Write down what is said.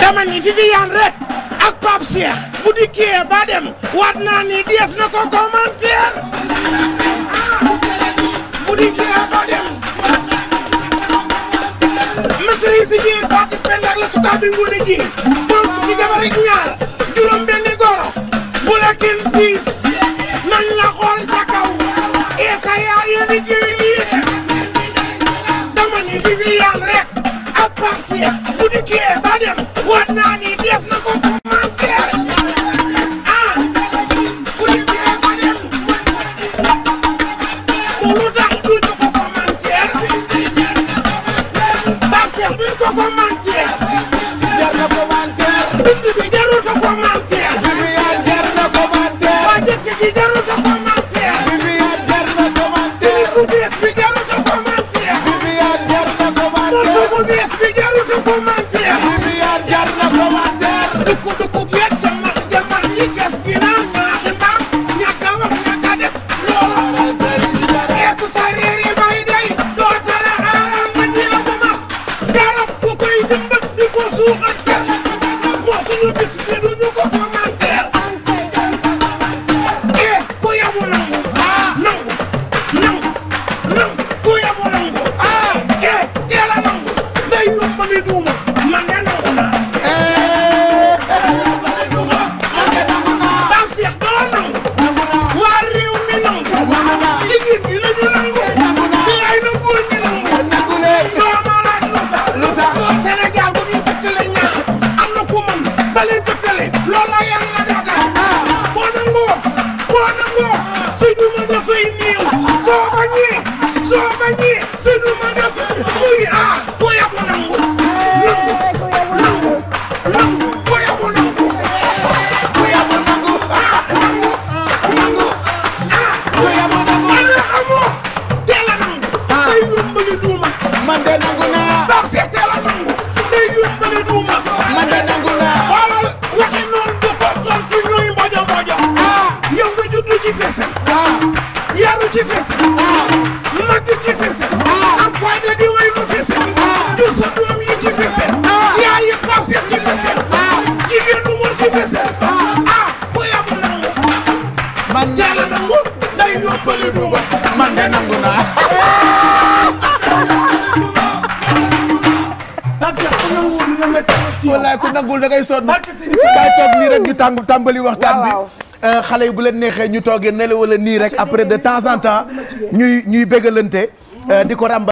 dama ni Viviane rek ak Pape bu dikkee ba dem waat naa ni dees na ko commentaire bu dikkee ba dem masri si biir Fatou Pendak la sukaa bi wune ji boom su ki jabar rek ñaar juróom benni goro bu la kenn piis nañ la xool ca kaw eesa yaa yéen na dem wat naa ni dees na ko commenter ah ku ne dee ba dem mu lu tax duñ ko commenter Pape Cheikh duñ ko commenter jar na commenter bind bi moo suuxat kenn moo suñu bis bi duñu ko soo bañee si ma def muy a ku yabu nangu nangu nangu ku nangu ku yabu nangu a nangu nangu a nangu ala xamoo teel nangu day yombali duuma man nangu naa baax see duuma man de nangu naa xoolal waxi noonu du ko tontu ñuy mbojo mbojo yow nga juddu ci fesal ah. yaru ci ci fese am fayda di way mu fese jur sa doom yi ci fese yaa yi pap seet ci fese jigéen du mën ci fese ah bu yàbu nangu man jaala nangu day yóbbali duuba man de nangu naa wallaay ku nangul da ngay sonn bàyyi toog nii rek ñu tàng tàmbali waxtaan bi Euh, xale yi bu leen neexee ñu toogee nele wala nii rek après de temps en temps ñuy ñuy bégalante euh, di ko ràmba